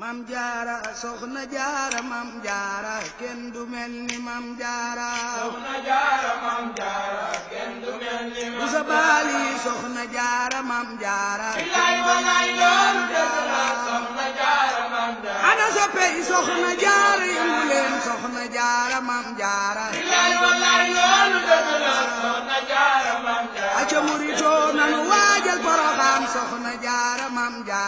mam jaara soxna jaara mam jaara kenn du mel ni mam jaara soxna jaara mam jaara kenn du mel ni mam jaara bu sa baali soxna jaara mam jaara bilaay walaay loolu dëgg la soxna jaara mam jaara ana soppe yi soxna jaara yëngu leen soxna jaara mam jaara bilaay walaay loolu dëgg la soxna jaara mam jaara aca muritoo nanu waajal poroxaan soxna jaara mam jaara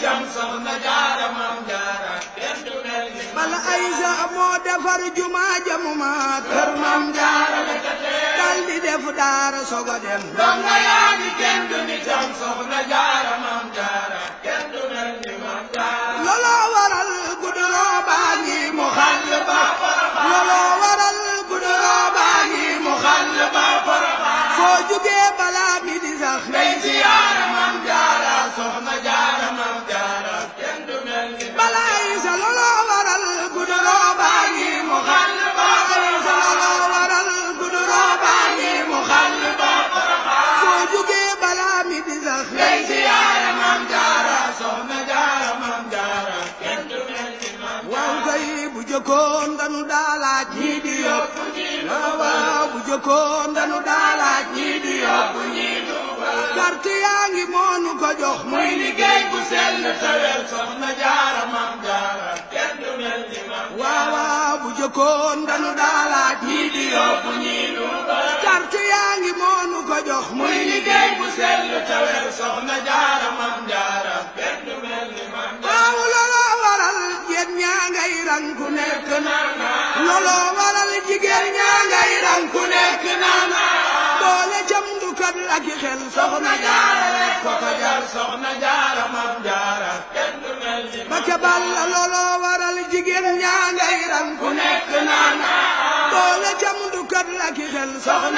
jam soxna jaara maam jaara kenn du mel ni bala Aysa moo defar jumaa jamu ma kër maam jaara la ca tee dal di def daara soog a dem donga yaa ngi kenn du ni jam soxna jaara maam jaara kenn du mel ni maam jaara looloo waral guddi roobaa ngi mu xàll ba jëkkoon danu daalaaj ñi di yokku waaw bu jëkkoon danu daalaaj ñi di yokku carte yaa ngi moonu ko jox muy liggéey bu sell tawel soxna jaara mam jaara kenn du mel ni mam waaw waaw bu jëkkoon danu daalaaj ñi di yokku carte yaa ngi moonu ko jox muy liggéey bu sell tawel soxna jaara mam jaara nekk nana looloo waral jigéen ñaa ngay rang ku nekk nana doole jëmdukat ak i xel soxna jaara rek ko ko jar soxna jaara mam jaara ba ca balla looloo waral jigéen ñaa ngay ku nekk nana doole jëmdukat ak i xel soxna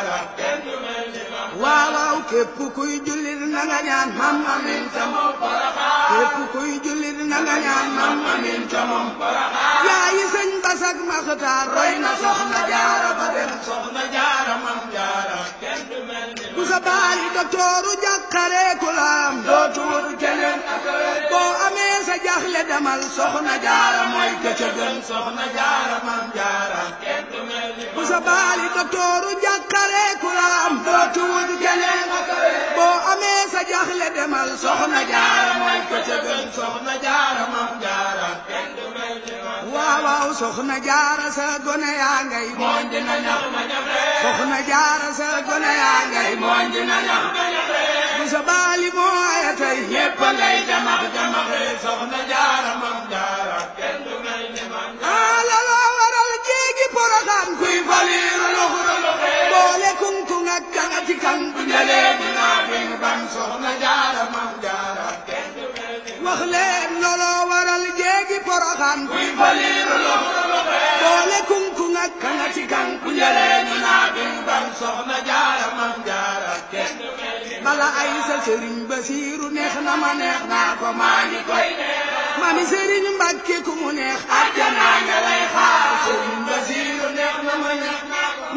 képp kuy jullit na yaayi sëñ Bass ak Makhtar soxna jaara mam jaara kenn mel ni ku sa baay doktooru jàkkare ku la am doo tuur keneen ak boo amee sa jaxle demal soxna jaara mam jaara kenn mel ni ku sa baay doktooru jàkkare ku la am doo tuur soxna jaara mooy jaara mam jaara waaw waaw soxna jaara sa gone yaa ngay mooñ dina ñax ma ñax soxna jaara sa gone yaa ngay mooñ dina ñax ma ñax bu sa baali moo aya tey ñépp ngay jamax jamax soxna jaara mam jaara ah laloo waral jéegi poroxaan kuy faliiru loxo boole kunku nga kanga ci kan bu njëlee wax leen looloo waral jéegi poroxaan kuy baliiru loxo loxee boole kunkung ak ka nga ci kan ku njëlee ñu naa bin ban soxna jaara mam jaara kenn bala ay sa sëriñ Basiiru neex na ma neex naa ko maa ngi koy mami sëriñ Mbàkke ku mu neex àjjana nga lay xaar sëriñ Basiiru neex na ma neex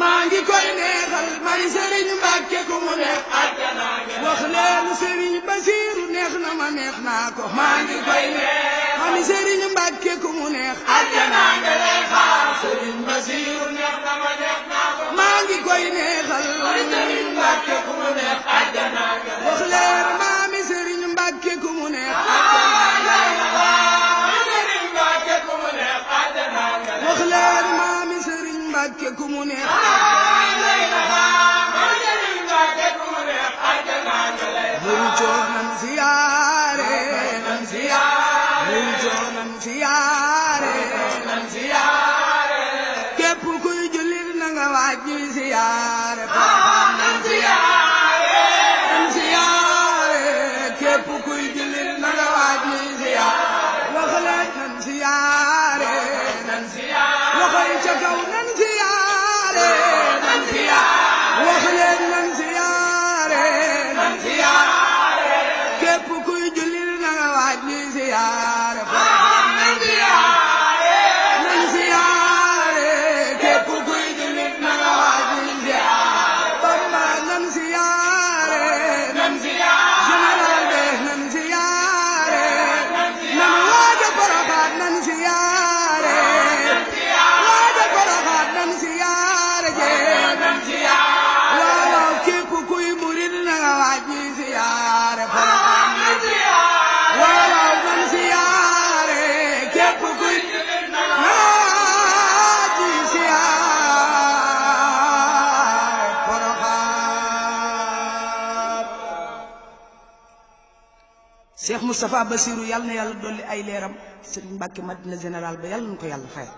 maa ngi koy neexal mami sëriñ Mbàkke ku mu neex àjjana nga lay xaar neex na ma neex naa ko. maa ngi koy neex. mami Serigne Mbacke ku mu neex. àjjana nga lay xaar. Serigne Basiru neex na ma neex naa ko. maa ngi koy neexal. mami Serigne Mbacke ku mu neex. àjjana nga lay xaar. wax leer mami Serigne Mbacke ku mu neex. àjjana nga lay xaar. mami Serigne Mbacke ku mu neex. àjjana nga lay xaar. wax leer mami Serigne Mbacke ku mu neex. jonan ziyaare jonan ziyaare képp kuy jullit na nga waaj ñuy ziyaare nan ziyaare nan ziyaare képp kuy jullit na nga waaj ñuy ziyaare wax leen nan ziyaare nan ziyaare loxoy ca kaw kuy jullit na nga waaj ñuy siyaar cheikh moustapha basiru yàlla na yàlla dolli ay leeram sëriñ mbàkke madina général ba yàlla na ko yàlla fayal